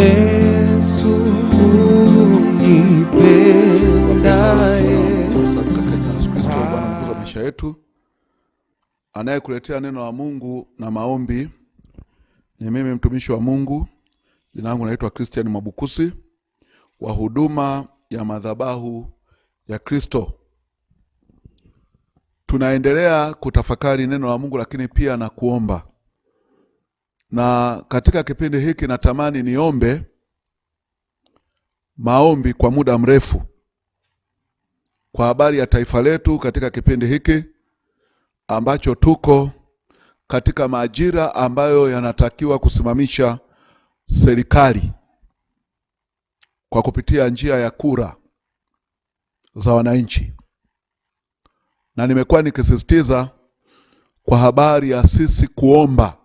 Yesu unipendaye. Kristo Bwana wa maisha yetu, anayekuletea neno la Mungu na maombi ni mimi mtumishi wa Mungu, jina langu naitwa Christian Mwabukusi wa huduma ya madhabahu ya Kristo. Tunaendelea kutafakari neno la Mungu, lakini pia na kuomba na katika kipindi hiki natamani niombe maombi kwa muda mrefu kwa habari ya taifa letu katika kipindi hiki ambacho tuko katika majira ambayo yanatakiwa kusimamisha serikali kwa kupitia njia ya kura za wananchi, na nimekuwa nikisisitiza kwa habari ya sisi kuomba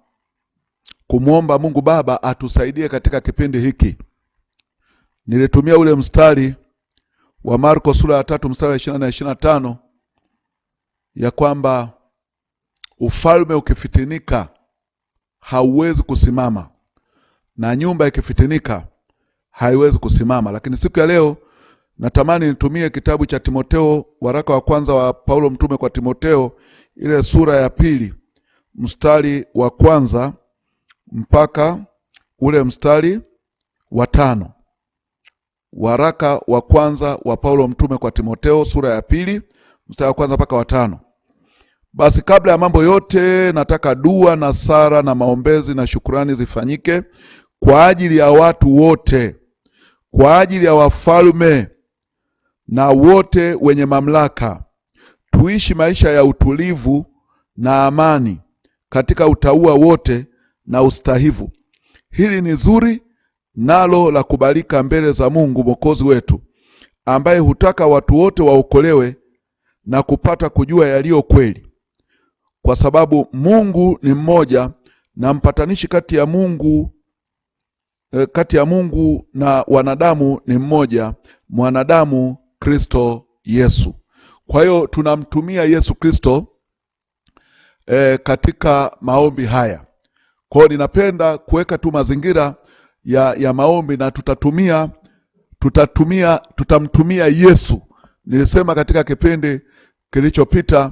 kumwomba Mungu Baba atusaidie katika kipindi hiki. Nilitumia ule mstari wa Marko sura ya tatu mstari wa 24 na 25 ya kwamba ufalme ukifitinika hauwezi kusimama na nyumba ikifitinika haiwezi kusimama. Lakini siku ya leo natamani nitumie kitabu cha Timoteo, waraka wa kwanza wa Paulo mtume kwa Timoteo, ile sura ya pili mstari wa kwanza mpaka ule mstari wa tano. Waraka wa kwanza wa Paulo mtume kwa Timoteo sura ya pili mstari wa kwanza mpaka wa tano. Basi kabla ya mambo yote nataka dua na sara na maombezi na shukurani zifanyike kwa ajili ya watu wote, kwa ajili ya wafalme na wote wenye mamlaka, tuishi maisha ya utulivu na amani katika utaua wote na ustahivu. Hili ni zuri nalo la kubalika mbele za Mungu Mwokozi wetu, ambaye hutaka watu wote waokolewe na kupata kujua yaliyo kweli, kwa sababu Mungu ni mmoja na mpatanishi kati ya Mungu eh, kati ya Mungu na wanadamu ni mmoja, mwanadamu Kristo Yesu. Kwa hiyo tunamtumia Yesu Kristo eh, katika maombi haya. Kwa hiyo ninapenda kuweka tu mazingira ya, ya maombi na tutatumia tutatumia tutamtumia Yesu. Nilisema katika kipindi kilichopita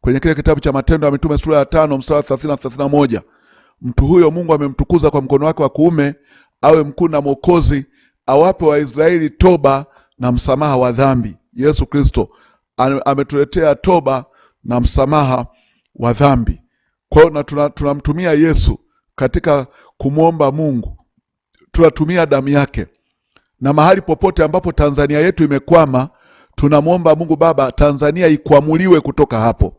kwenye kile kitabu cha Matendo ya Mitume sura ya tano mstari wa thelathini na thelathini na moja mtu huyo Mungu amemtukuza kwa mkono wake wa kuume awe mkuu na Mwokozi, awape Waisraeli toba na msamaha wa dhambi. Yesu Kristo ametuletea toba na msamaha wa dhambi. Kwa hiyo tunamtumia tuna Yesu katika kumwomba Mungu tunatumia damu yake, na mahali popote ambapo Tanzania yetu imekwama, tunamwomba Mungu Baba, Tanzania ikwamuliwe kutoka hapo.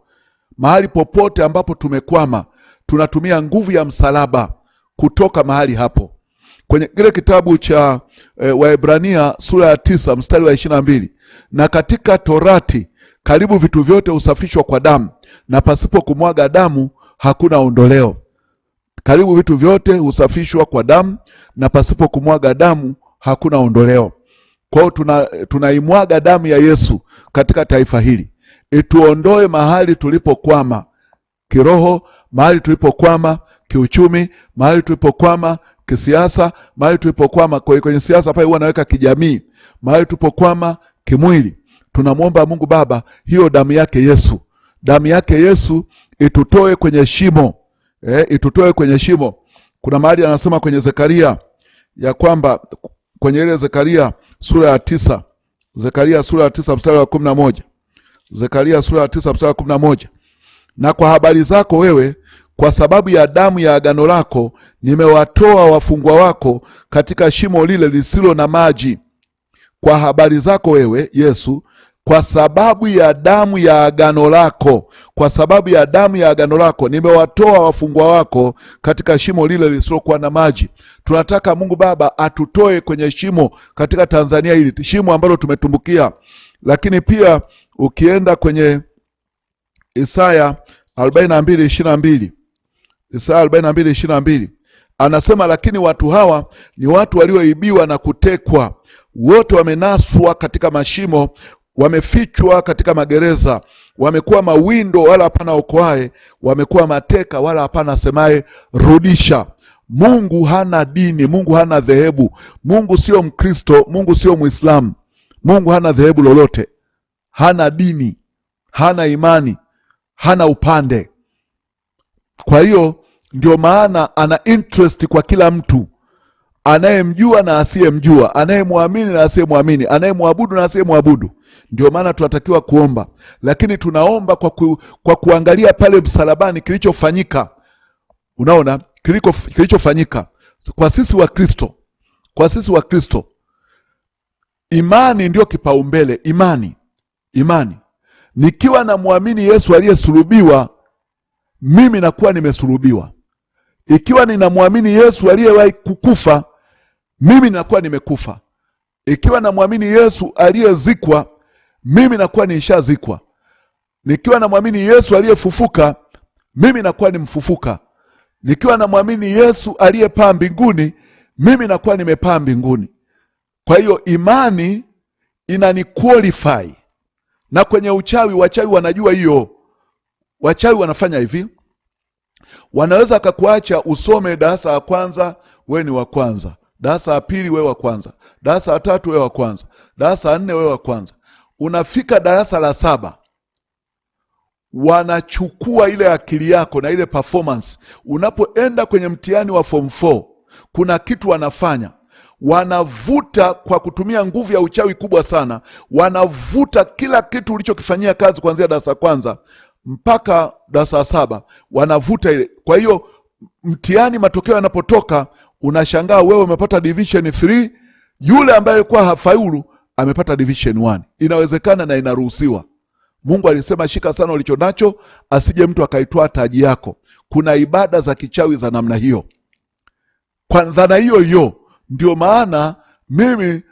Mahali popote ambapo tumekwama, tunatumia nguvu ya msalaba kutoka mahali hapo. Kwenye kile kitabu cha e, Waebrania sura ya tisa mstari wa ishirini na mbili na katika Torati karibu vitu vyote husafishwa kwa damu, na pasipo kumwaga damu hakuna ondoleo. Karibu vitu vyote husafishwa kwa damu, na pasipo kumwaga damu hakuna ondoleo. Kwa hiyo tuna, tunaimwaga damu ya Yesu katika taifa hili ituondoe mahali tulipokwama kiroho, mahali tulipokwama kiuchumi, mahali tulipokwama kisiasa, mahali tulipokwama kwenye siasa pale huwa naweka kijamii, mahali tulipokwama kimwili. Tunamwomba Mungu Baba hiyo damu yake Yesu, damu yake Yesu itutoe kwenye shimo eh, itutoe kwenye shimo. Kuna mahali anasema kwenye Zekaria ya kwamba kwenye ile Zekaria sura ya tisa Zekaria sura ya tisa mstari wa kumi na moja Zekaria sura ya tisa mstari wa kumi na moja na kwa habari zako wewe, kwa sababu ya damu ya agano lako, nimewatoa wafungwa wako katika shimo lile lisilo na maji. Kwa habari zako wewe Yesu, kwa sababu ya damu ya agano lako, kwa sababu ya damu ya agano lako nimewatoa wafungwa wako katika shimo lile lisilokuwa na maji. Tunataka Mungu Baba atutoe kwenye shimo katika Tanzania hili shimo ambalo tumetumbukia. Lakini pia ukienda kwenye Isaya 42:22 Isaya 42:22 anasema, lakini watu hawa ni watu walioibiwa na kutekwa, wote wamenaswa katika mashimo wamefichwa katika magereza, wamekuwa mawindo wala hapana okoae wamekuwa mateka wala hapana asemaye rudisha. Mungu hana dini, Mungu hana dhehebu, Mungu sio Mkristo, Mungu sio Mwislamu, Mungu hana dhehebu lolote, hana dini, hana imani, hana upande. Kwa hiyo ndio maana ana interest kwa kila mtu anayemjua na asiyemjua, anayemwamini na asiyemwamini, anayemwabudu na asiyemwabudu. Ndio maana tunatakiwa kuomba, lakini tunaomba kwa, ku, kwa kuangalia pale msalabani kilichofanyika. Unaona kilichofanyika kwa sisi wa Kristo, kwa sisi wa Kristo, imani ndio kipaumbele. Imani, imani, nikiwa namwamini Yesu aliyesulubiwa, mimi nakuwa nimesulubiwa. Ikiwa ninamwamini Yesu aliyewahi kukufa, mimi nakuwa nimekufa. Ikiwa namwamini Yesu aliyezikwa mimi nakuwa nishazikwa. Nikiwa namwamini Yesu aliyefufuka, mimi nakuwa nimfufuka. Nikiwa namwamini Yesu aliyepaa mbinguni, mimi nakuwa nimepaa mbinguni. Kwa hiyo imani qualify. Na kwenye uchawi, wachawi wanajua hiyo. Wachawi wanafanya hivi, wanaweza akakuacha usome darasa la kwanza, we ni wa kwanza, darasa la pili, we wa kwanza, darasa la tatu, we wa kwanza, darasa la nne, we wa kwanza unafika darasa la saba, wanachukua ile akili yako na ile performance. Unapoenda kwenye mtihani wa form 4 kuna kitu wanafanya wanavuta kwa kutumia nguvu ya uchawi kubwa sana, wanavuta kila kitu ulichokifanyia kazi kuanzia darasa kwanza mpaka darasa saba, wanavuta ile. Kwa hiyo mtihani, matokeo yanapotoka, unashangaa wewe umepata division 3, yule ambaye alikuwa hafaulu amepata division 1. Inawezekana na inaruhusiwa. Mungu alisema shika sana ulicho nacho, asije mtu akaitwaa taji yako. Kuna ibada za kichawi za namna hiyo. Kwa dhana hiyo hiyo, ndio maana mimi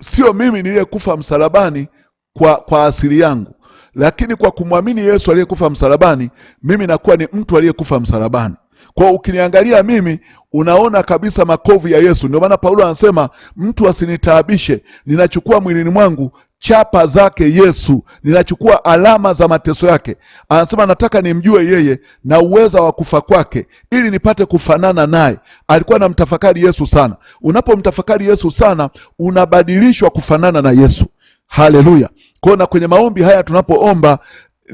sio mimi niliyekufa msalabani kwa, kwa asili yangu, lakini kwa kumwamini Yesu aliyekufa msalabani, mimi nakuwa ni mtu aliyekufa msalabani. Kwa ukiniangalia mimi unaona kabisa makovu ya Yesu. Ndio maana Paulo anasema mtu asinitaabishe, ninachukua mwilini mwangu chapa zake Yesu, ninachukua alama za mateso yake. Anasema nataka nimjue yeye na uweza wa kufa kwake, ili nipate kufanana naye. Alikuwa anamtafakari Yesu sana. Unapomtafakari Yesu sana, unabadilishwa kufanana na Yesu. Haleluya! Kwa na kwenye maombi haya tunapoomba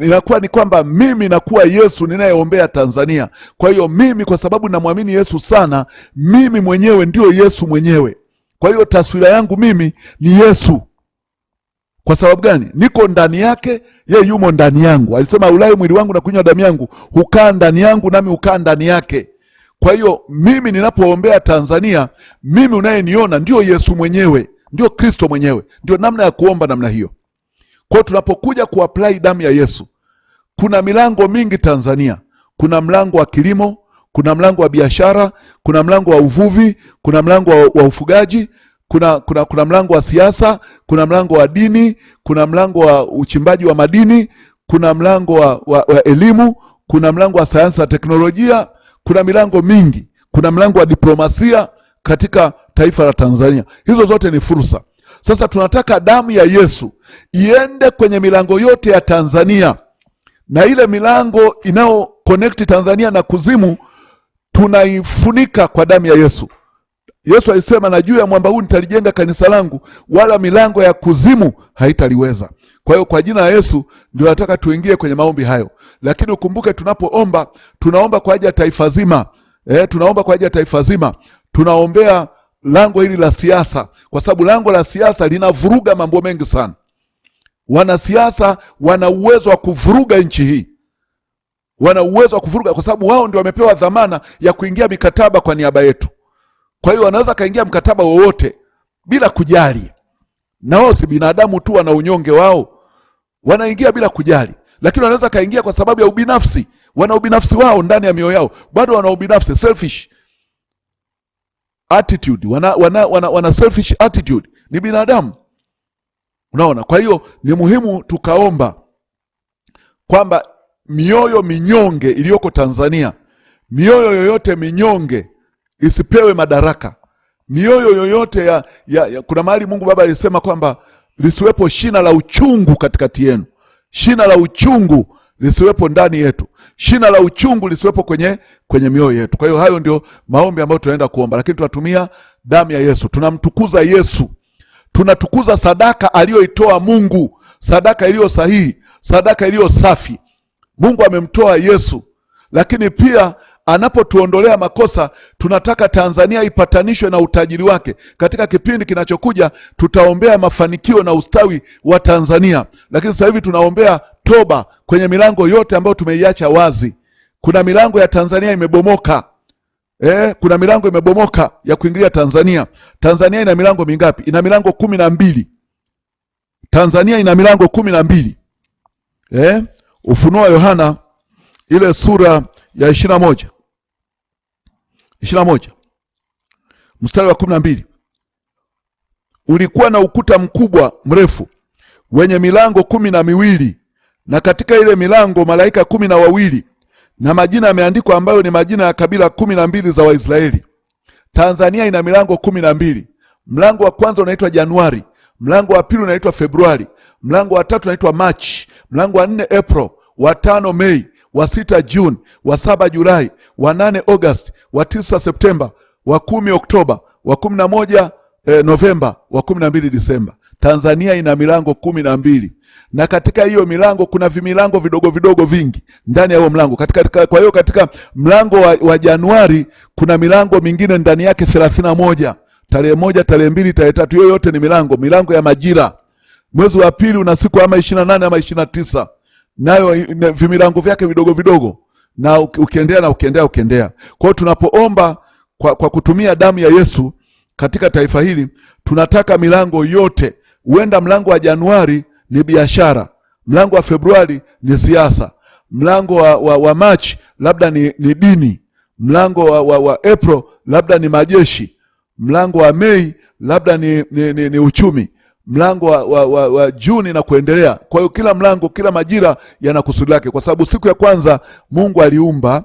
inakuwa ni kwamba mimi nakuwa Yesu ninayeombea Tanzania. Kwa hiyo mimi, kwa sababu namwamini Yesu sana, mimi mwenyewe ndiyo Yesu mwenyewe. Kwa hiyo taswira yangu mimi ni Yesu. Kwa sababu gani? Niko ndani yake, ye yumo ndani yangu. Alisema ulai mwili wangu na kunywa damu yangu, hukaa ndani yangu nami hukaa ndani yake. Kwa hiyo mimi ninapoombea Tanzania, mimi unayeniona ndio Yesu mwenyewe, ndio Kristo mwenyewe. Ndio namna ya kuomba namna hiyo. Kwa tunapokuja kuapply damu ya Yesu, kuna milango mingi Tanzania. Kuna mlango wa kilimo, kuna mlango wa biashara, kuna mlango wa uvuvi, kuna mlango wa, wa ufugaji kuna, kuna, kuna mlango wa siasa, kuna mlango wa dini, kuna mlango wa uchimbaji wa madini, kuna mlango wa, wa, wa elimu, kuna mlango wa sayansi na teknolojia, kuna milango mingi, kuna mlango wa diplomasia katika taifa la Tanzania. Hizo zote ni fursa. Sasa tunataka damu ya Yesu iende kwenye milango yote ya Tanzania na ile milango inayo connect Tanzania na kuzimu tunaifunika kwa damu ya Yesu. Yesu alisema na juu ya mwamba huu nitalijenga kanisa langu, wala milango ya kuzimu haitaliweza. Kwa hiyo kwa jina la Yesu ndio nataka tuingie kwenye maombi hayo, lakini ukumbuke, tunapoomba tunaomba kwa ajili ya taifa zima. Eh, tunaomba kwa ajili ya taifa zima, tunaombea lango hili la siasa, kwa sababu lango la siasa linavuruga mambo mengi sana. Wanasiasa wana uwezo wa kuvuruga nchi hii, wana uwezo wa kuvuruga, kwa sababu wao ndio wamepewa dhamana ya kuingia mikataba kwa niaba yetu. Kwa hiyo wanaweza kaingia mkataba wowote bila kujali, na wao si binadamu tu, wana unyonge wao, wanaingia bila kujali. Lakini wanaweza kaingia kwa sababu ya ubinafsi, wana ubinafsi wao ndani ya mioyo yao, bado wana ubinafsi selfish attitude, wana, wana, wana, wana selfish attitude, ni binadamu. Unaona, kwa hiyo ni muhimu tukaomba kwamba mioyo minyonge iliyoko Tanzania, mioyo yoyote minyonge isipewe madaraka, mioyo yoyote ya, ya, ya. Kuna mahali Mungu Baba alisema kwamba lisiwepo shina la uchungu katikati yenu, shina la uchungu lisiwepo ndani yetu shina la uchungu lisiwepo kwenye, kwenye mioyo yetu. Kwa hiyo hayo ndio maombi ambayo tunaenda kuomba, lakini tunatumia damu ya Yesu, tunamtukuza Yesu, tunatukuza sadaka aliyoitoa Mungu, sadaka iliyo sahihi, sadaka iliyo safi. Mungu amemtoa Yesu, lakini pia anapotuondolea makosa, tunataka Tanzania ipatanishwe na utajiri wake. Katika kipindi kinachokuja, tutaombea mafanikio na ustawi wa Tanzania, lakini sasa hivi tunaombea toba kwenye milango yote ambayo tumeiacha wazi. Kuna milango ya Tanzania imebomoka. Eh, kuna milango imebomoka ya kuingilia Tanzania. Tanzania ina milango mingapi? Ina milango kumi na mbili. Tanzania ina milango kumi na mbili. Eh, Ufunuo wa Yohana ile sura ya ishirini na moja ishirini na moja mstari wa kumi na mbili ulikuwa na ukuta mkubwa mrefu wenye milango kumi na miwili na katika ile milango malaika kumi na wawili na majina yameandikwa ambayo ni majina ya kabila kumi na mbili za Waisraeli. Tanzania ina milango kumi na mbili. Mlango wa kwanza unaitwa Januari, mlango wa pili unaitwa Februari, mlango wa tatu unaitwa Machi, mlango wa nne April, wa tano Mei, wa sita Juni, wa saba Julai, wa nane Agosti, wa tisa Septemba, wa kumi Oktoba, wa kumi na moja eh, Novemba, wa kumi na mbili Disemba. Tanzania ina milango kumi na mbili na katika hiyo milango kuna vimilango vidogo vidogo vingi ndani ya huo mlango katika, katika, kwa hiyo katika mlango wa, wa Januari kuna milango mingine ndani yake thelathini na moja tarehe moja tarehe mbili tarehe tatu hiyo yote ni milango milango ya majira. Mwezi wa pili una siku ama ishirini na nane ama ishirini na tisa nayo vimilango vyake vidogo vidogo, na ukiendea na ukiendea ukiendea. Kwa hiyo tunapoomba kwa, kwa kutumia damu ya Yesu katika taifa hili tunataka milango yote. Huenda mlango wa Januari ni biashara, mlango wa Februari ni siasa, mlango wa, wa, wa Machi labda ni, ni dini, mlango wa, wa, wa April labda ni majeshi, mlango wa Mei labda ni, ni, ni, ni uchumi mlango wa, wa, wa, wa Juni na kuendelea. Kwa hiyo kila mlango, kila majira yana kusudi lake, kwa sababu siku ya kwanza Mungu aliumba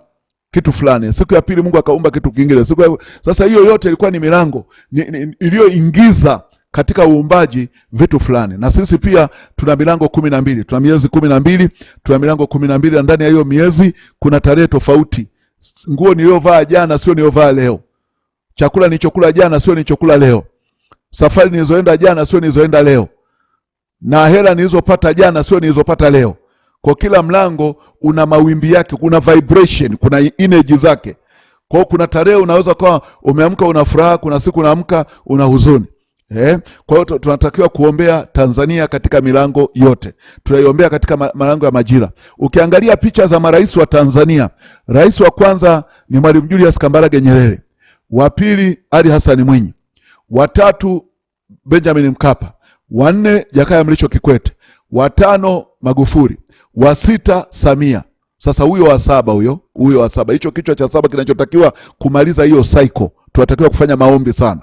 kitu fulani, siku ya pili Mungu akaumba kitu kingine, siku ya... Sasa hiyo yote ilikuwa ni milango iliyoingiza katika uumbaji vitu fulani. Na sisi pia tuna milango kumi na mbili, tuna miezi kumi na mbili, tuna milango kumi na mbili, na ndani ya hiyo miezi kuna tarehe tofauti. Nguo niliyovaa jana sio niliyovaa leo, chakula nilichokula jana sio nilichokula leo. Safari nilizoenda jana sio nilizoenda leo, na hela nilizopata jana sio nilizopata leo. Kwa kila mlango una mawimbi yake, kuna vibration, kuna energy zake. Kwa hiyo kuna tarehe unaweza kuwa umeamka una furaha, kuna siku unaamka una huzuni eh. Kwa hiyo tunatakiwa kuombea Tanzania katika milango yote, tunaiombea katika milango ya majira. Ukiangalia picha za marais wa Tanzania, rais wa kwanza ni Mwalimu Julius Kambarage Nyerere, wa pili Ali Hassan Mwinyi watatu Benjamin Mkapa, wanne Jakaya Mrisho Kikwete, watano Magufuli, wa sita Samia. Sasa huyo wa saba huyo huyo wa saba, hicho kichwa cha saba kinachotakiwa kumaliza hiyo cycle, tunatakiwa kufanya maombi sana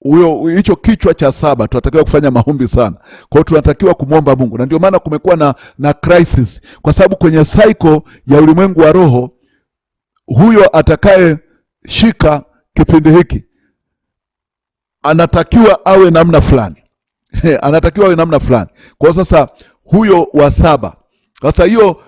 huyo hicho kichwa cha saba tunatakiwa kufanya maombi sana. Kwa hiyo tunatakiwa kumwomba Mungu, na ndio maana kumekuwa na, na crisis, kwa sababu kwenye cycle ya ulimwengu wa roho huyo atakayeshika kipindi hiki anatakiwa awe namna fulani anatakiwa awe namna fulani. Kwa sasa huyo wa saba, sasa hiyo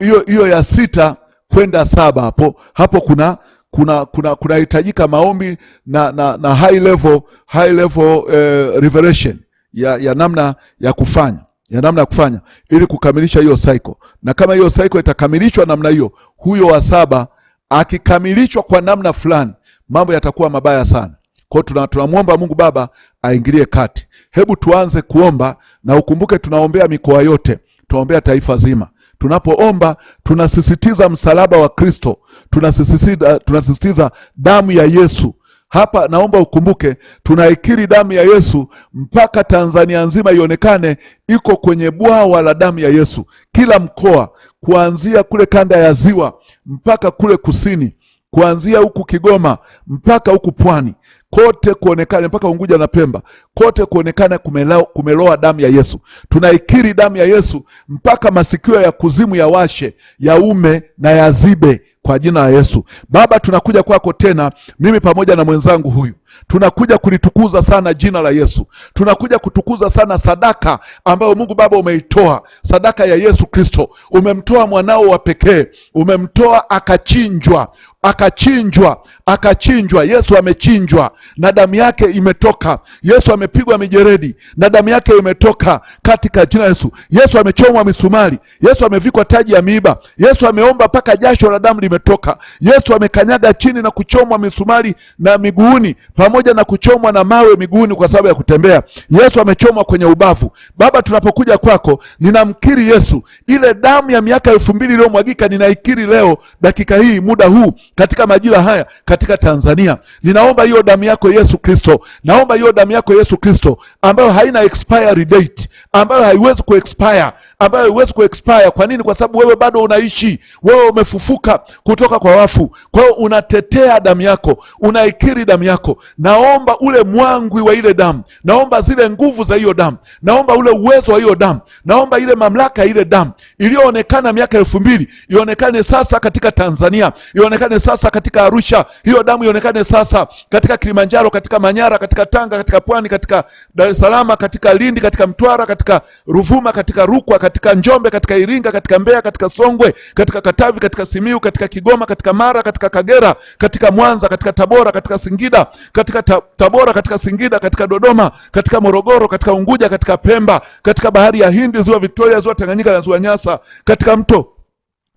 hiyo hiyo ya sita kwenda saba, hapo hapo kuna kuna kuna kunahitajika maombi na, na, na high level, high level eh, revelation ya, ya namna ya kufanya ya namna ya kufanya ili kukamilisha hiyo cycle, na kama hiyo cycle itakamilishwa namna hiyo, huyo wa saba akikamilishwa kwa namna fulani, mambo yatakuwa mabaya sana kwao hiyo tunamwomba Mungu Baba aingilie kati. Hebu tuanze kuomba, na ukumbuke tunaombea mikoa yote, tunaombea taifa zima. Tunapoomba tunasisitiza msalaba wa Kristo, tunasisitiza, tunasisitiza damu ya Yesu. Hapa naomba ukumbuke, tunaikiri damu ya Yesu mpaka Tanzania nzima ionekane iko kwenye bwawa la damu ya Yesu. Kila mkoa kuanzia kule kanda ya Ziwa mpaka kule kusini kuanzia huku Kigoma mpaka huku pwani kote kuonekana mpaka Unguja na Pemba kote kuonekana kumeloa, kumeloa damu ya Yesu. Tunaikiri damu ya Yesu mpaka masikio ya kuzimu ya washe ya ume na ya zibe kwa jina la Yesu. Baba, tunakuja kwako tena, mimi pamoja na mwenzangu huyu Tunakuja kulitukuza sana jina la Yesu. Tunakuja kutukuza sana sadaka ambayo Mungu Baba umeitoa, sadaka ya Yesu Kristo. Umemtoa mwanao wa pekee, umemtoa akachinjwa, akachinjwa, akachinjwa. Yesu amechinjwa na damu yake imetoka. Yesu amepigwa mijeredi na damu yake imetoka katika jina Yesu. Yesu amechomwa misumari, Yesu amevikwa taji ya miiba, Yesu ameomba mpaka jasho la damu limetoka, Yesu amekanyaga chini na kuchomwa misumari na miguuni pamoja na kuchomwa na mawe miguuni kwa sababu ya kutembea, Yesu amechomwa kwenye ubavu. Baba, tunapokuja kwako, ninamkiri Yesu, ile damu ya miaka elfu mbili iliyomwagika ninaikiri leo, dakika hii, muda huu, katika majira haya, katika Tanzania. Ninaomba hiyo damu yako Yesu Kristo, naomba hiyo damu yako Yesu Kristo ambayo haina expiry date, ambayo haiwezi kuexpire ambayo huwezi kuexpire. Kwa nini? Kwa sababu wewe bado unaishi, wewe umefufuka kutoka kwa wafu. Kwa hiyo unatetea damu yako, unaikiri damu yako. Naomba ule mwangwi wa ile damu, naomba zile nguvu za hiyo damu, naomba ule uwezo wa hiyo damu, naomba ile mamlaka ya ile damu iliyoonekana miaka elfu mbili ionekane sasa katika Tanzania, ionekane sasa katika Arusha, hiyo damu ionekane sasa katika Kilimanjaro, katika Manyara, katika Tanga, katika Pwani, katika Dar es Salaam, katika Lindi, katika Mtwara, katika Ruvuma, katika Rukwa, katika katika Njombe, katika Iringa, katika Mbeya, katika Songwe, katika Katavi, katika Simiu, katika Kigoma, katika Mara, katika Kagera, katika Mwanza, katika Tabora, katika Singida, katika Tabora, katika Singida, katika Dodoma, katika Morogoro, katika Unguja, katika Pemba, katika bahari ya Hindi, ziwa Victoria, ziwa Tanganyika na ziwa Nyasa, katika mto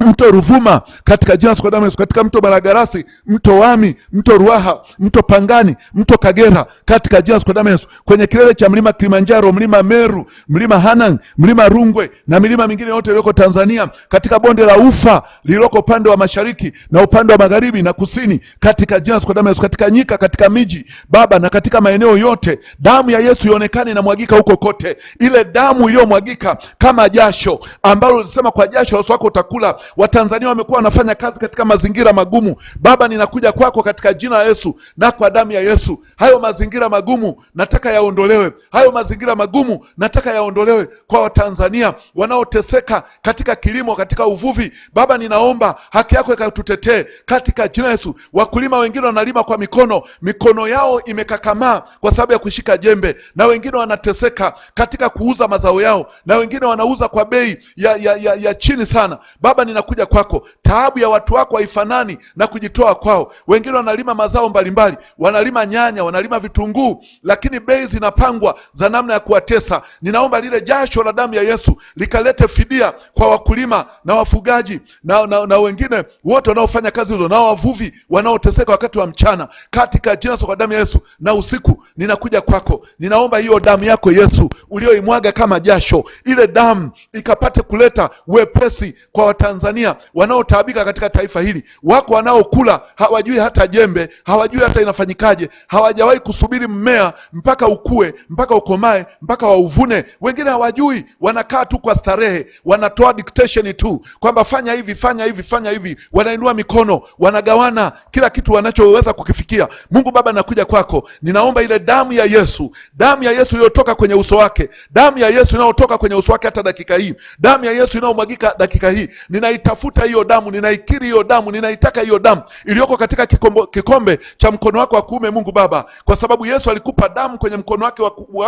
mto Ruvuma katika jina la damu Yesu, katika mto Malagarasi, mto Wami, mto Ruaha, mto Pangani, mto Kagera katika jina la damu Yesu, kwenye kilele cha mlima Kilimanjaro, mlima Meru, mlima Hanang, mlima Rungwe na milima mingine yote iliyoko Tanzania, katika bonde la Ufa lililoko upande wa mashariki na upande wa magharibi na kusini, katika jina la damu Yesu, katika nyika, katika miji Baba, na katika maeneo yote, damu ya Yesu ionekane na mwagika huko kote, ile damu iliyomwagika kama jasho ambalo ulisema kwa jasho la uso wako utakula Watanzania wamekuwa wanafanya kazi katika mazingira magumu. Baba, ninakuja kwako katika jina la Yesu na kwa damu ya Yesu, hayo mazingira magumu nataka yaondolewe, hayo mazingira magumu nataka yaondolewe kwa Watanzania wanaoteseka katika kilimo, katika uvuvi. Baba, ninaomba haki yako ikatutetee katika jina Yesu. Wakulima wengine wanalima kwa mikono, mikono yao imekakamaa kwa sababu ya kushika jembe, na wengine wanateseka katika kuuza mazao yao, na wengine wanauza kwa bei ya, ya, ya, ya chini sana Baba nina linakuja kwako Taabu ya watu wako haifanani na kujitoa kwao. Wengine wanalima mazao mbalimbali, wanalima nyanya, wanalima vitunguu, lakini bei zinapangwa za namna ya kuwatesa. Ninaomba lile jasho la damu ya Yesu likalete fidia kwa wakulima na wafugaji na, na, na wengine wote wanaofanya kazi hizo na wavuvi wanaoteseka wakati wa mchana, katika jina kwa damu ya Yesu. Na usiku ninakuja kwako, ninaomba hiyo damu yako Yesu uliyoimwaga kama jasho, ile damu ikapate kuleta wepesi kwa Watanzania wanao wanataabika katika taifa hili. Wako wanaokula hawajui hata jembe, hawajui hata inafanyikaje, hawajawahi kusubiri mmea mpaka ukue, mpaka ukomae, mpaka wauvune. Wengine hawajui, wanakaa tu kwa starehe, wanatoa dictation tu kwamba fanya hivi, fanya hivi, fanya hivi. Wanainua mikono, wanagawana kila kitu wanachoweza kukifikia. Mungu Baba, nakuja kwako, ninaomba ile damu ya Yesu, damu ya Yesu iliyotoka kwenye uso wake, damu ya Yesu inayotoka kwenye uso wake hata dakika hii, damu ya Yesu inayomwagika dakika hii, ninaitafuta hiyo damu damu, ninaikiri hiyo damu, ninaitaka hiyo damu iliyoko katika kikombo, kikombe cha mkono wako wa kuume, Mungu Baba, kwa sababu Yesu alikupa damu kwenye mkono wake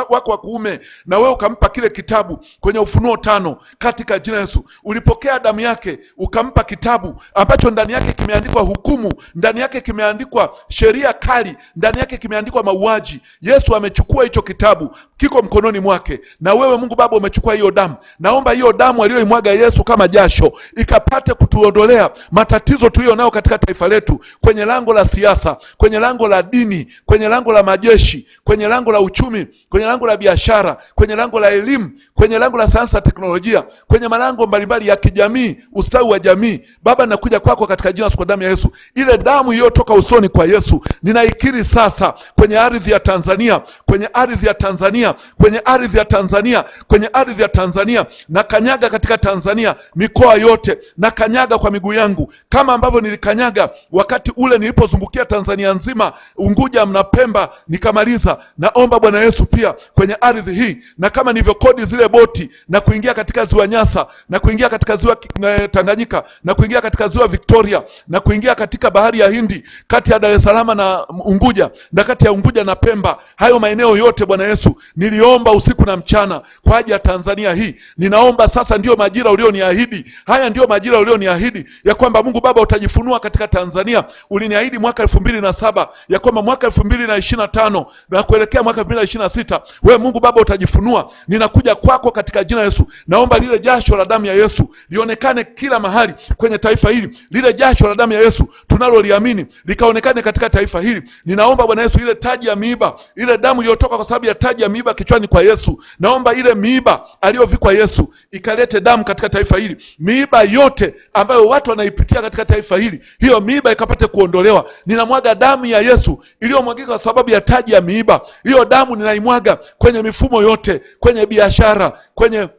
wako wa kuume, na wewe ukampa kile kitabu kwenye Ufunuo tano. Katika jina Yesu ulipokea damu yake, ukampa kitabu ambacho ndani yake kimeandikwa hukumu, ndani yake kimeandikwa sheria kali, ndani yake kimeandikwa mauaji. Yesu amechukua hicho kitabu, kiko mkononi mwake, na wewe Mungu Baba umechukua hiyo damu. Naomba hiyo damu aliyoimwaga Yesu kama jasho ikapate kutuondolea kuliondolea matatizo tuliyo nayo katika taifa letu, kwenye lango la siasa, kwenye lango la dini, kwenye lango la majeshi, kwenye lango la uchumi, kwenye lango la biashara, kwenye lango la elimu, kwenye lango la sayansi na teknolojia, kwenye malango mbalimbali ya kijamii, ustawi wa jamii. Baba, ninakuja kwako katika jina kwa damu ya Yesu, ile damu iliyotoka usoni kwa Yesu ninaikiri sasa kwenye ardhi ya Tanzania, kwenye ardhi ya Tanzania, kwenye ardhi ya Tanzania, kwenye ardhi ya Tanzania, na kanyaga katika Tanzania mikoa yote na kanyaga kwa miguu yangu, kama ambavyo nilikanyaga wakati ule nilipozungukia Tanzania nzima, Unguja mna Pemba nikamaliza. Naomba Bwana Yesu pia kwenye ardhi hii, na kama nilivyo kodi zile boti na kuingia katika ziwa Nyasa na kuingia katika ziwa eh, Tanganyika na kuingia katika ziwa Victoria na kuingia katika bahari ya Hindi kati ya Dar es Salaam na Unguja na kati ya Unguja na Pemba, hayo maeneo yote Bwana Yesu niliomba usiku na mchana kwa ajili ya Tanzania hii. Ninaomba sasa, ndiyo majira ulioniahidi, haya ndiyo majira ulioniahidi, ya kwamba Mungu Baba utajifunua katika Tanzania. Uliniahidi mwaka elfu mbili na saba ya kwamba mwaka elfu mbili na ishirini na tano na kuelekea mwaka elfu mbili na ishirini na sita we Mungu Baba utajifunua. Ninakuja kwako katika jina Yesu. Naomba lile jasho la damu ya Yesu lionekane kila mahali kwenye taifa hili, lile jasho la damu ya Yesu tunaloliamini likaonekane katika taifa hili. Ninaomba Bwana Yesu, ile taji ya miiba, ile damu iliyotoka kwa sababu ya taji ya miiba kichwani kwa Yesu, naomba ile miiba aliyovikwa Yesu ikalete damu katika taifa hili, miiba yote ambayo watu wanaipitia katika taifa hili, hiyo miiba ikapate kuondolewa. Ninamwaga damu ya Yesu iliyomwagika kwa sababu ya taji ya miiba. Hiyo damu ninaimwaga kwenye mifumo yote, kwenye biashara, kwenye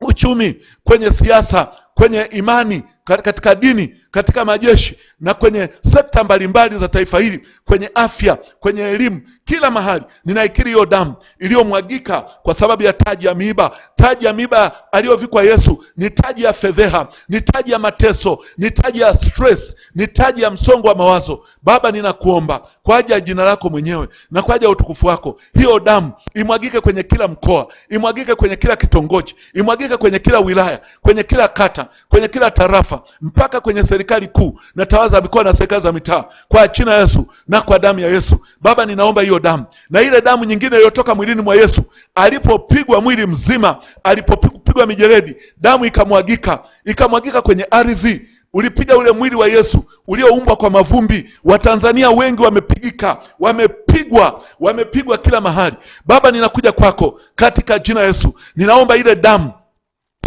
uchumi, kwenye siasa, kwenye imani, katika dini katika majeshi na kwenye sekta mbalimbali za taifa hili, kwenye afya, kwenye elimu, kila mahali. Ninaikiri hiyo damu iliyomwagika kwa sababu ya taji ya miiba, taji ya miiba aliyovikwa Yesu ni taji ya fedheha, ni taji ya mateso, ni taji ya stress, ni taji ya msongo wa mawazo. Baba, ninakuomba kwa ajili ya jina lako mwenyewe na kwa ajili ya utukufu wako, hiyo damu imwagike kwenye kila mkoa, imwagike kwenye kila kitongoji, imwagike kwenye kila wilaya, kwenye kila kata, kwenye kila tarafa, mpaka kwenye serikali kuu na tawala mikoa na serikali za mitaa, kwa jina Yesu na kwa damu ya Yesu. Baba, ninaomba hiyo damu na ile damu nyingine iliyotoka mwilini mwa Yesu alipopigwa mwili mzima, alipopigwa mijeledi, damu ikamwagika, ikamwagika kwenye ardhi ulipiga ule mwili wa Yesu ulioumbwa kwa mavumbi. Watanzania wengi wamepigika, wamepigwa, wamepigwa kila mahali. Baba, ninakuja kwako katika jina Yesu, ninaomba ile damu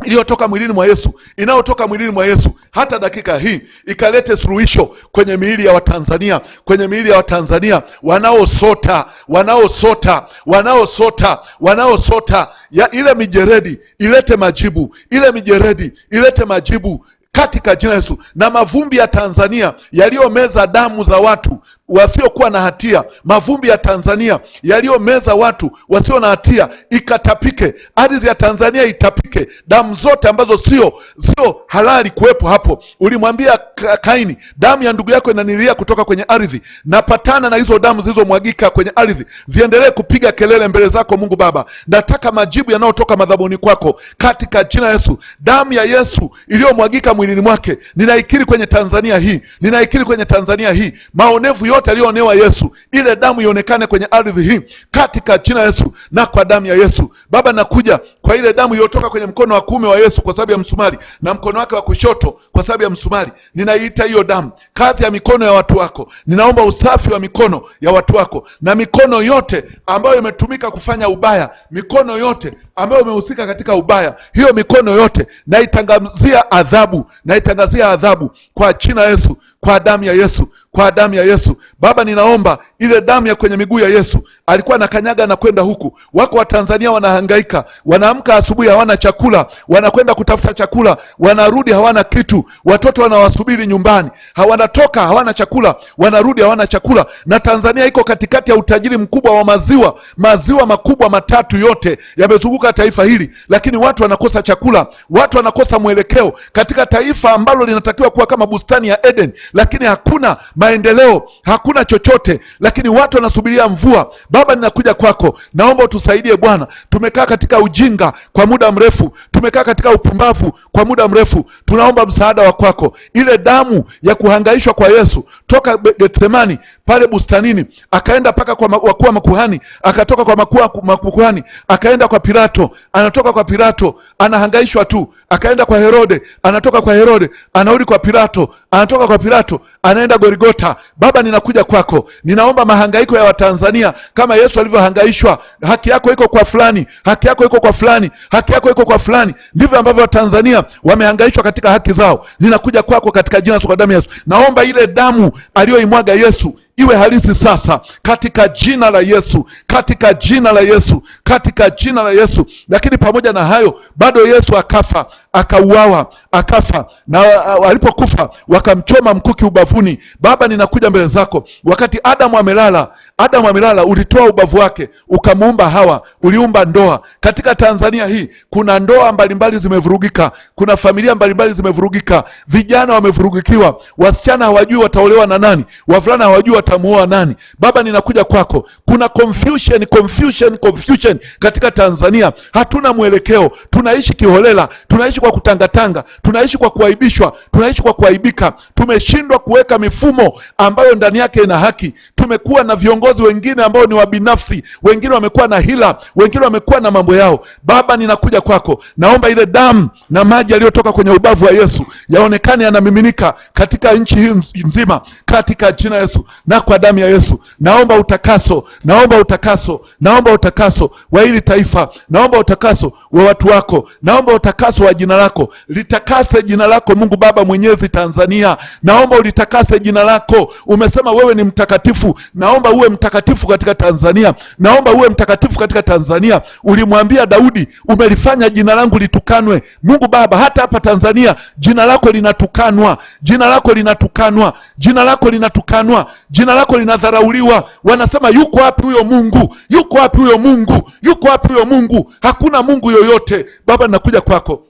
iliyotoka mwilini mwa Yesu inayotoka mwilini mwa Yesu hata dakika hii ikalete suluhisho kwenye miili ya Watanzania, kwenye miili ya Watanzania wanaosota wanaosota wanaosota wanaosota ya ile mijeredi ilete majibu, ile mijeredi ilete majibu katika jina Yesu. Na mavumbi ya Tanzania yaliyomeza damu za watu wasiokuwa na hatia, mavumbi ya Tanzania yaliyomeza watu wasio na hatia ikatapike, ardhi ya Tanzania itapike zote, damu zote ambazo sio sio halali kuwepo hapo. Ulimwambia Kaini, damu ya ndugu yako inanilia kutoka kwenye ardhi, napatana na hizo damu zilizomwagika kwenye ardhi, ziendelee kupiga kelele mbele zako Mungu Baba. Nataka majibu yanayotoka madhabuni kwako katika jina Yesu. Damu ya Yesu iliyomwagika mwilini mwake ninaikiri kwenye Tanzania hii, ninaikiri kwenye Tanzania hii, maonevu yote aliyoonewa Yesu, ile damu ionekane kwenye ardhi hii katika jina Yesu na kwa damu ya Yesu. Baba, nakuja kwa ile damu iliyotoka kwenye mkono wa kuume wa Yesu kwa sababu ya msumari na mkono wake wa kushoto kwa sababu ya msumari. Ninaiita hiyo damu kazi ya mikono ya watu wako. Ninaomba usafi wa mikono ya watu wako, na mikono yote ambayo imetumika kufanya ubaya, mikono yote ambayo imehusika katika ubaya, hiyo mikono yote naitangazia adhabu, naitangazia adhabu kwa jina Yesu kwa damu ya Yesu, kwa damu ya Yesu. Baba, ninaomba ile damu ya kwenye miguu ya Yesu alikuwa anakanyaga na kwenda huku. Wako Watanzania wanahangaika, wanaamka asubuhi hawana chakula, wanakwenda kutafuta chakula, wanarudi hawana kitu, watoto wanawasubiri nyumbani, hawanatoka hawana chakula, wanarudi hawana chakula. Na Tanzania iko katikati ya utajiri mkubwa wa maziwa, maziwa makubwa matatu yote yamezunguka taifa hili, lakini watu wanakosa chakula, watu wanakosa mwelekeo katika taifa ambalo linatakiwa kuwa kama bustani ya Eden lakini hakuna maendeleo, hakuna chochote, lakini watu wanasubiria mvua. Baba, ninakuja kwako, naomba utusaidie Bwana. Tumekaa katika ujinga kwa muda mrefu, tumekaa katika upumbavu kwa muda mrefu, tunaomba msaada wa kwako. Ile damu ya kuhangaishwa kwa Yesu toka Getsemani pale bustanini, akaenda mpaka kwa wakuu wa makuhani, akatoka kwa makuu makuhani, akaenda kwa Pilato, anatoka kwa Pilato, anahangaishwa tu, akaenda kwa Herode, anatoka kwa Herode, anarudi kwa Pilato, anatoka kwa Pilato tatu anaenda Gorigota. Baba, ninakuja kwako, ninaomba mahangaiko ya Watanzania kama Yesu alivyohangaishwa. Haki yako iko kwa fulani, haki yako iko kwa fulani, haki yako iko kwa fulani. Ndivyo ambavyo Watanzania wamehangaishwa katika haki zao. Ninakuja kwako katika jina la damu ya Yesu, naomba ile damu aliyoimwaga Yesu iwe halisi sasa, katika jina la Yesu, katika jina la Yesu, katika jina la Yesu. Lakini pamoja na hayo, bado Yesu akafa, akauawa, akafa, na alipokufa wakamchoma mkuki ubavuni. Baba, ninakuja mbele zako, wakati Adamu amelala, Adamu amelala, ulitoa ubavu wake ukamuumba Hawa, uliumba ndoa. Katika Tanzania hii kuna ndoa mbalimbali zimevurugika, kuna familia mbalimbali zimevurugika, vijana wamevurugikiwa, wasichana hawajui wataolewa na nani, wavulana hawajui atamuoa nani? Baba, ninakuja kwako. Kuna confusion, confusion, confusion katika Tanzania. Hatuna mwelekeo, tunaishi kiholela, tunaishi kwa kutangatanga, tunaishi kwa kuaibishwa, tunaishi kwa kuaibika. Tumeshindwa kuweka mifumo ambayo ndani yake ina haki tumekuwa na viongozi wengine ambao ni wabinafsi, wengine wamekuwa na hila, wengine wamekuwa na mambo yao. Baba, ninakuja kwako, naomba ile damu na maji yaliyotoka kwenye ubavu wa Yesu yaonekane yanamiminika katika nchi hii nzima, katika jina Yesu na kwa damu ya Yesu. Naomba utakaso, naomba utakaso, naomba utakaso wa hili taifa, naomba utakaso wa watu wako, naomba utakaso wa jina lako. Litakase jina lako Mungu Baba Mwenyezi, Tanzania naomba ulitakase jina lako. Umesema wewe ni mtakatifu naomba uwe mtakatifu katika Tanzania, naomba uwe mtakatifu katika Tanzania. Ulimwambia Daudi, umelifanya jina langu litukanwe. Mungu Baba, hata hapa Tanzania jina lako linatukanwa, jina lako linatukanwa, jina lako linatukanwa, jina lako linadharauliwa. Wanasema yuko wapi huyo Mungu? Yuko wapi huyo Mungu? Yuko wapi huyo Mungu? Hakuna Mungu yoyote. Baba, nakuja kwako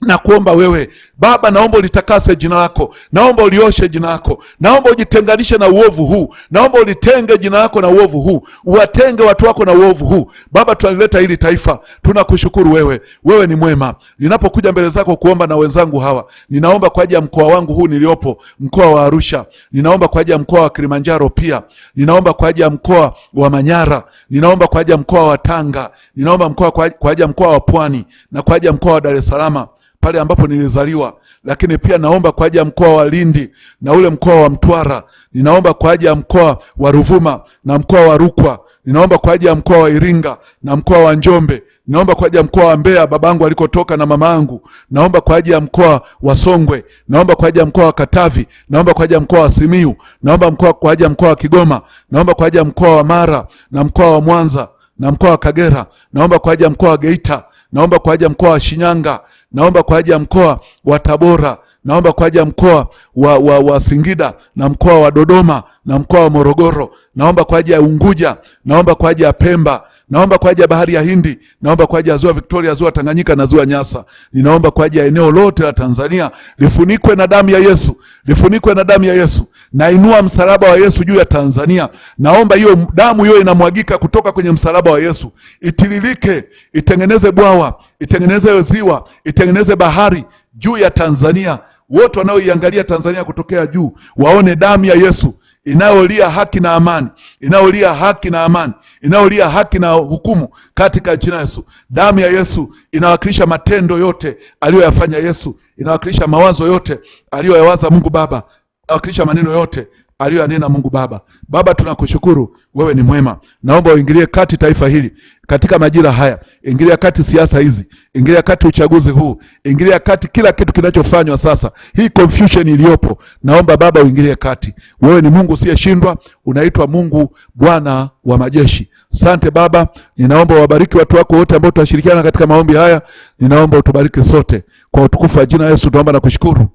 na kuomba wewe Baba, naomba ulitakase jina lako, naomba ulioshe jina lako, naomba ujitenganishe na uovu huu, naomba ulitenge jina lako na uovu huu, uwatenge watu wako na uovu huu. Baba, tunalileta hili taifa, tunakushukuru wewe, wewe ni mwema. Ninapokuja mbele zako kuomba na wenzangu hawa, ninaomba kwa ajili ya mkoa wangu huu niliopo, mkoa wa Arusha, ninaomba kwa ajili ya mkoa wa Kilimanjaro, pia ninaomba kwa ajili ya mkoa wa Manyara, ninaomba kwa ajili ya mkoa wa Tanga, ninaomba mkoa kwa ajili ya mkoa wa Pwani na kwa ajili ya mkoa wa Dar es Salaam pale ambapo nilizaliwa, lakini pia naomba kwa ajili ya mkoa wa Lindi na ule mkoa wa Mtwara, ninaomba kwa ajili ya mkoa wa Ruvuma na mkoa wa Rukwa, ninaomba kwa ajili ya mkoa wa Iringa na mkoa wa Njombe naomba kwa ajili ya mkoa wa Mbeya babangu alikotoka na mamangu. Naomba kwa ajili ya mkoa wa Songwe, naomba kwa ajili ya mkoa wa Katavi, naomba kwa ajili ya mkoa wa Simiu, naomba mkoa kwa ajili ya mkoa wa Kigoma, naomba kwa ajili ya mkoa wa Mara na mkoa wa Mwanza na mkoa wa Kagera, naomba kwa ajili ya mkoa wa Geita, naomba kwa ajili ya mkoa wa Shinyanga, naomba kwa ajili ya mkoa wa Tabora, naomba kwa ajili ya mkoa wa, wa, wa Singida na mkoa wa Dodoma na mkoa wa Morogoro, naomba kwa ajili ya Unguja, naomba kwa ajili ya Pemba Naomba kwa ajili ya bahari ya Hindi, naomba kwa ajili ya ziwa Victoria, ziwa Tanganyika na ziwa Nyasa. Ninaomba kwa ajili ya eneo lote la Tanzania lifunikwe na damu ya Yesu, lifunikwe na damu ya Yesu. Nainua msalaba wa Yesu juu ya Tanzania. Naomba hiyo damu hiyo inamwagika kutoka kwenye msalaba wa Yesu itililike itengeneze bwawa, itengeneze ziwa, itengeneze bahari juu ya Tanzania. Wote wanaoiangalia Tanzania kutokea juu waone damu ya Yesu inayolia haki na amani, inayolia haki na amani, inayolia haki na hukumu katika jina Yesu. Damu ya Yesu inawakilisha matendo yote aliyoyafanya Yesu, inawakilisha mawazo yote aliyoyawaza Mungu Baba, inawakilisha maneno yote aliyoyanena Mungu Baba. Baba, tunakushukuru wewe ni mwema. Naomba uingilie kati taifa hili katika majira haya, ingilia kati siasa hizi, ingilia kati uchaguzi huu, ingilia kati kila kitu kinachofanywa sasa, hii confusion iliyopo. Naomba Baba uingilie kati. Wewe ni Mungu usiyeshindwa, unaitwa Mungu Bwana wa majeshi. Sante Baba, ninaomba wabariki watu wako wote ambao tutashirikiana katika maombi haya. Ninaomba utubariki sote kwa utukufu wa jina Yesu, tunaomba na kushukuru,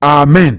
amen.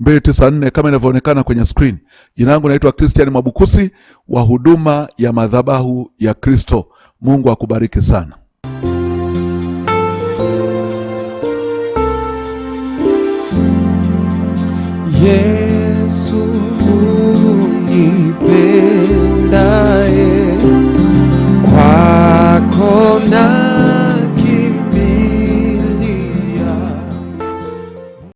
294 kama inavyoonekana kwenye screen. Jina langu naitwa Christian Mwabukusi wa huduma ya madhabahu ya Kristo. Mungu akubariki sana. Yesu unipendaye kwako na